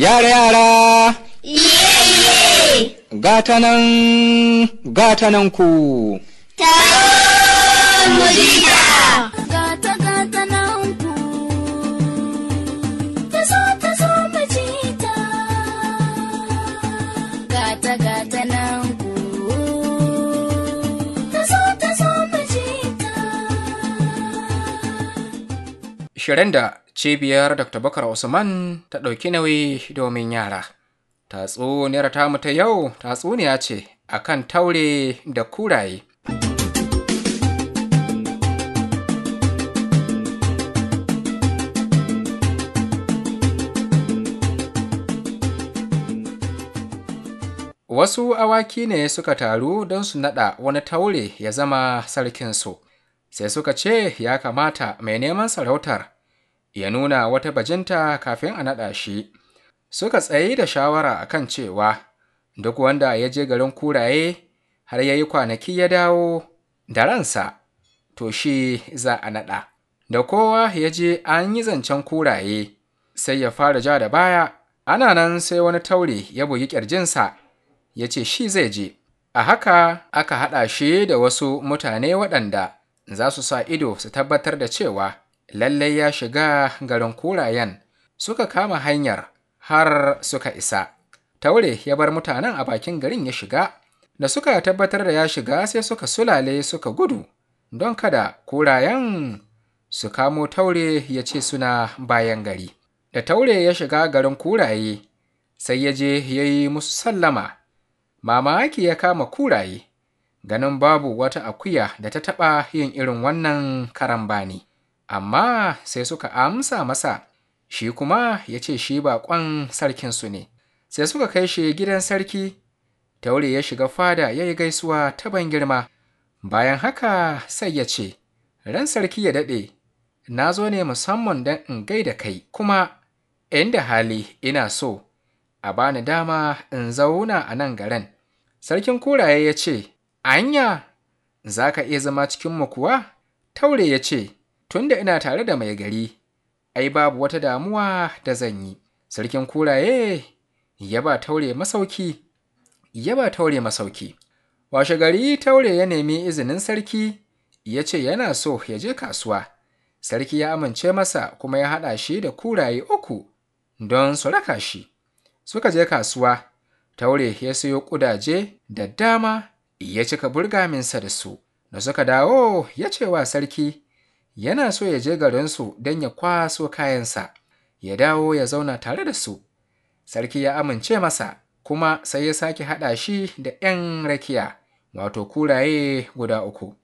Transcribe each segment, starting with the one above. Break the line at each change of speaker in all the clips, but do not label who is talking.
yare yara! Iye Gata nan, gata nan ku! Taro mujita! shirin da cibiyar dr bakar usman ta ɗauki nauyi domin yara tatsuniyar tamu ta yau tatsuniya ce akan taure da kuraye Wasu awaki ne suka taru don su naɗa wani taure ya zama sarkinsu, sai suka ce ya kamata mai neman sarautar ya nuna wata bajinta kafin a naɗa shi suka tsaye da shawara a kan cewa duk wanda ya je garin kuraye har ya yi kwanaki ya dawo da ransa to shi za a naɗa da kowa ya je an yi zancen kuraye sai ya fara ja da baya ana nan sai wani taure ya bugi ƙirjinsa ya ce shi zai je a haka aka haɗa shi da wasu mutane waɗanda za su sa ido su tabbatar da cewa lallai ya shiga garin kurayen suka kama hanyar har suka isa taure ya bar mutanen a bakin garin ya shiga da suka tabbatar da ya shiga sai suka sulale suka gudu don kada kurayen su kamo taure ya ce suna bayan gari da taure ya shiga garin kuraye sai ya je ya yi musu sallama mamaki ya kama kuraye ganin babu wata akuya da ta taɓa yin irin wannan karambani. amma sai suka amsa masa shi kuma ya ce shi baƙon sarkinsu ne sai suka kai shi gidan sarki taure ya shiga fada ya yi gaisuwa ta ban girma bayan haka sai ya ce ran sarki ya daɗe na zo ne musamman don in gaida kai kuma da hali ina so a bani dama in zauna a nan garin sarkin kuraye ya ce anya za ka iya zama cikinmu kuwa taure ya ce tunda ina tare da mai gari ai babu wata damuwa da zan yi sarkin kuraye ya ba taure masauki ya ba taure masauki washe gari taure ya nemi izinin sarki ya ce yana so ya je kasuwa sarki ya amince masa kuma ya haɗa shi da kuraye uku don su raka shi suka je kasuwa taure ya sayo ƙudaje da dama ya cika burgaminsa da su da suka dawo ya ce wa sarki yana so ya je garinsu don ya kwaso kayansa, ya dawo ya zauna tare da su. Sarki ya amince masa, kuma sai ya sake haɗa shi da ‘yan rakiya, wato kuraye guda uku.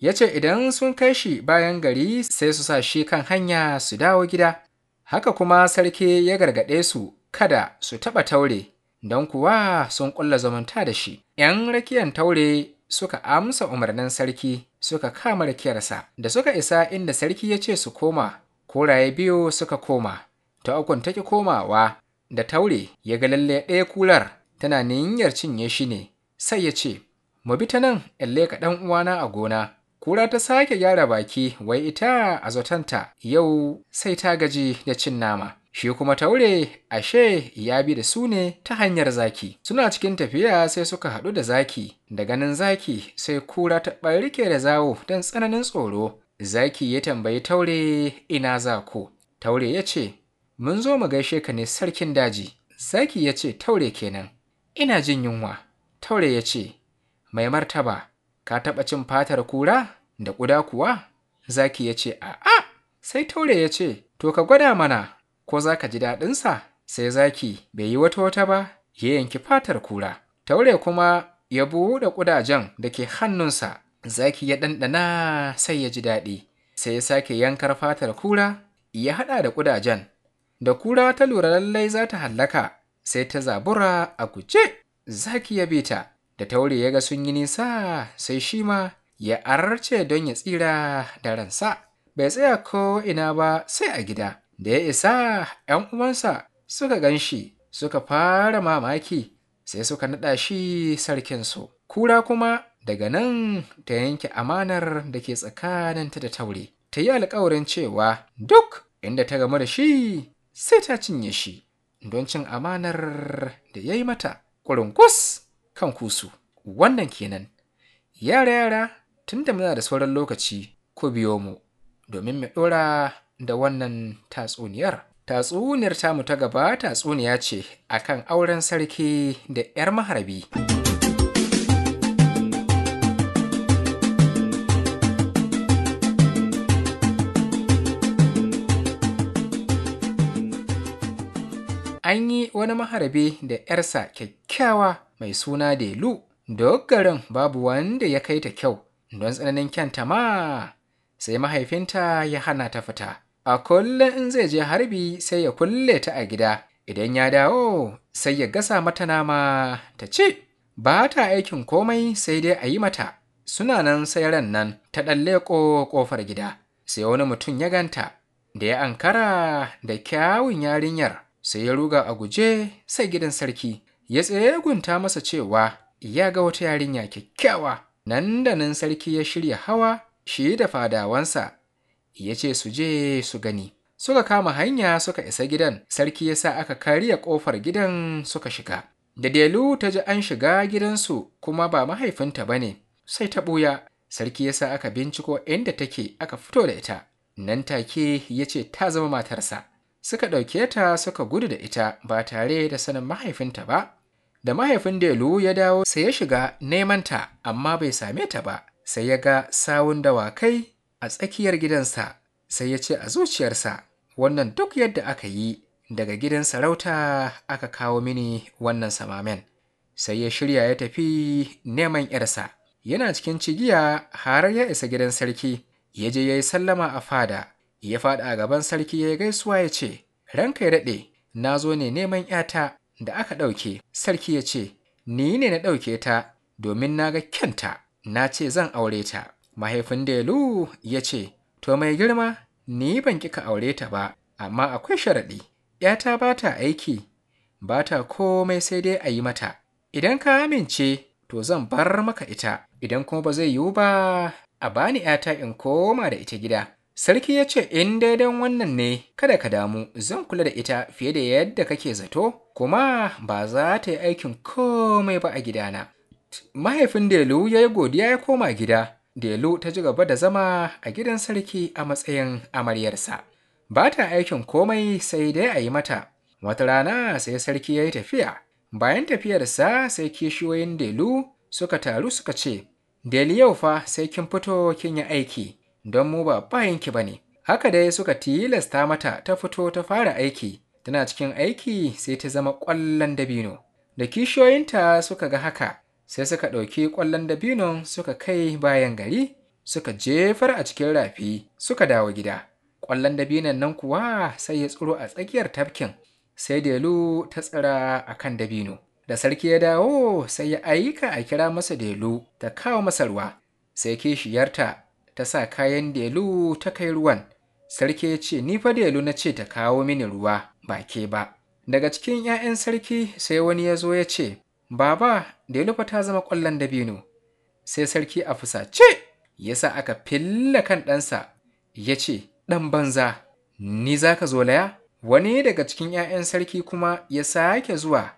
Ya ce idan sun kai shi bayan gari sai su sa shi kan hanya su dawo gida. Haka kuma sarki ya gargaɗe su kada su taɓa taure, don kuwa sun ƙulla zamanta da shi. ‘Yan rakiyan taure suka amsa umarnin sarki suka kama rakiyarsa da suka isa inda sarki ya ce su koma koraye biyu suka koma ta ukun take komawa da taure ya ga lalle ɗaya kular tana niyyar cinye shi ne sai ya ce mu bi ta nan elle ka ɗan uwana a gona kura ta sake gyara baki wai ita a zotanta yau sai ta gaji da cin nama shi kuma taure ashe ya bi da su ne ta hanyar zaki suna cikin tafiya sai suka haɗu da zaki da ganin zaki sai kura ta ɓarike da zawo don tsananin tsoro zaki ya tambayi taure ina za ku taure ya ce mun zo mu gaishe ka ne sarkin daji zaki ya ce taure kenan ina jin yunwa taure ya ce mai martaba ka taɓa cin fatar kura da ƙuda kuwa zaki ya ce a'a sai taure ya ce to ka gwada mana ko za ka ji daɗinsa sai zaki bai yi wata wata ba ya yanki fatar kura taure kuma ya buɗe ƙudajen da ke hannunsa zaki ya ɗanɗana sai ya ji daɗi sai ya sake yankar fatar kura ya haɗa da ƙudajen da kura ta lura lallai za ta hallaka sai ta zabura a guje zaki ya bi ta da taure ya ga sun yi nisa sai shi ma ya ararce don ya tsira da ransa bai tsaya ko ina ba sai a gida da ya isa ‘yan uwansa suka gan shi suka fara mamaki sai suka naɗa shi sarkinsu kura kuma daga nan ta yanke amanar da ke tsakaninta da taure ta yi alkawarin cewa duk inda ta gamu da shi sai ta cinye shi don cin amanar da ya yi mata kurunkus kan kusu wannan kenan yara yara tun da muna da sauran lokaci ko biyo mu domin mu ɗora da wannan tatsuniyar. Tatsuniyar tamu ta gaba tatsuniya ce akan auren sarki da 'yar maharbi. An yi wani maharbi da 'yarsa kyakkyawa mai suna Delu. dogarin babu wanda ya kai ta kyau don tsananin kyanta ma sai mahaifinta ya hana ta fita A kullum in zai je harbi sai ya kulle ta a gida, idan ya dawo sai ya gasa mata nama ta ce, ba ta aikin komai sai dai a yi mata, suna nan sai ran nan ta ɗan leƙo ƙofar gida, sai wani mutum ya ganta, da ya ankara da kyawun yarinyar, sai ya ruga a guje sai gidan sarki, ya tsegunta masa cewa ya ga wata yarinya kyakkyawa, nan da nan sarki ya shirya hawa shi da fadawansa ya ce su je su gani. Suka kama hanya suka isa gidan, sarki ya sa aka kariya ƙofar gidan suka shiga. Da Delu ta ji an shiga gidansu kuma ba mahaifinta ba ne, sai ta ɓuya. Sarki ya sa aka binciko inda take aka fito da ita. Nan take ya ce ta zama matarsa. Suka ɗauke ta suka gudu da ita ba tare da sanin mahaifinta ba. Da mahaifin Delu ya dawo sai ya shiga neman ta amma bai same ta ba. Sai ya ga sawun dawakai a tsakiyar gidansa sai ya ce a zuciyarsa wannan duk yadda aka yi daga gidan sarauta aka kawo mini wannan samamen sai ya shirya ya tafi neman yarsa yana cikin cigiya har ya isa gidan sarki ya je ya yi sallama a fada ya fada a gaban sarki ya gaisuwa ya ce ranka ya daɗe na zo ne neman ‘yata da aka ɗauke sarki ya ce ni ne na ɗauke ta domin na ga kyanta na ce zan aure ta mahaifin delu ya ce to mai girma ni ban kika aure ta ba amma akwai sharaɗi ‘yata ba ta aiki ba ta komai sai dai a yi mata idan ka amince to zan bar maka ita idan kuma ba zai yiwu ba a bani ‘yata in koma da ita gida sarki ya ce in daidan wannan ne kada ka damu zan kula da ita fiye da yadda kake zato kuma ba za ta yi aikin komai ba a gidana mahaifin delu ya yi godiya ya koma gida Delu ta ji gaba da zama a gidan sarki a matsayin amaryarsa. Ba ta aikin komai sai dai a yi mata. Wata rana sai sarki ya yi tafiya. Bayan tafiyarsa sai kishiyoyin Delu suka taru suka ce, Delu yau fa sai kin fito kin yi aiki, don mu ba bayanki ba ne. Haka dai suka tilasta mata ta fito ta fara aiki. Tana cikin aiki sai ta zama ƙwallon dabino. Da kishiyoyinta suka ga haka, sai suka ɗauki ƙwallon dabinon suka kai bayan gari suka jefar a cikin rafi suka dawo gida ƙwallon dabinon nan kuwa sai ya tsiro a tsakiyar tafkin sai delu ta tsira a kan dabino da sarki ya dawo sai ya aika a kira masa delu ta kawo masa ruwa sai kishiyarta ta sa kayan delu ta kai ruwan sarki ya ce ni fa delu na ce ta kawo mini ruwa ba ke ba daga cikin 'ya'yan sarki sai wani ya zo ya ce Baba da ya ta zama ƙwallon dabino, sai sarki a fusace ya sa aka filla kan ɗansa ya ce, ɗan banza, ni za ka zo laya. Wani daga cikin ‘ya'yan sarki kuma ya sake zuwa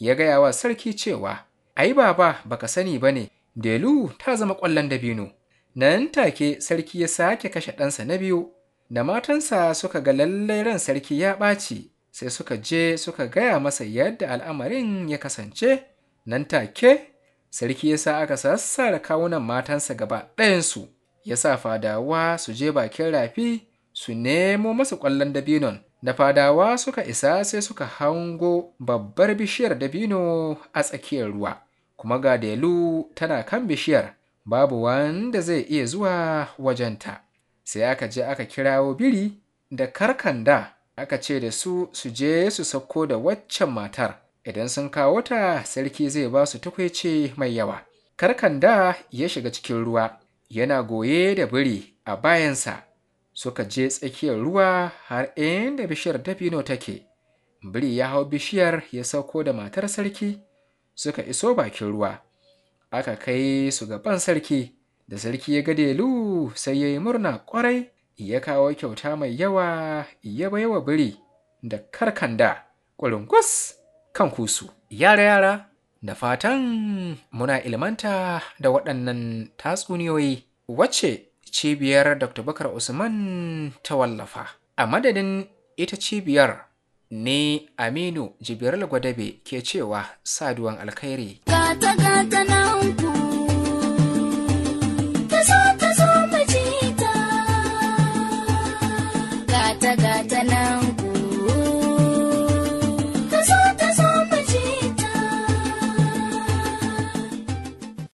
ya gaya wa sarki cewa, ai baba baka sani ba ne, Delu ta zama ƙwallon dabino. Nan take sarki ya sake kashe ɗansa na biyu, da matansa suka ga lallai ran sarki ya ɓaci, sai suka je suka gaya masa yadda al'amarin ya kasance. nan take sarki ya sa aka sassara kawunan matansa gaba ɗayansu ya sa fadawa su je bakin rafi su nemo masa ƙwallon dabinon da fadawa suka isa sai suka hango babbar bishiyar dabino a tsakiyar ruwa kuma ga delu tana kan bishiyar babu wanda zai iya zuwa wajenta sai aka je aka kirawo biri da karkanda aka ce da su su je su sauko da waccan matar idan sun kawo ta sarki zai ba su tukwici mai yawa karkanda ya shiga cikin ruwa yana goye da biri a bayansa suka je tsakiyar ruwa har inda bishiyar dabino take biri ya hau bishiyar ya sauko da matar sarki suka iso bakin ruwa aka kai su gaban sarki da sarki ya gadelu sai ya yi murna kwarai ya kawo kyauta mai yawa ya baiwa biri da karkanda ƙulungus Kan kusu, yara-yara da fatan muna ilmanta da waɗannan tatsuniyoyi wacce cibiyar dr bakar usman ta wallafa a madadin ita cibiyar ne aminu jibiral gwadabe ke cewa saduwan alkhairi gata gata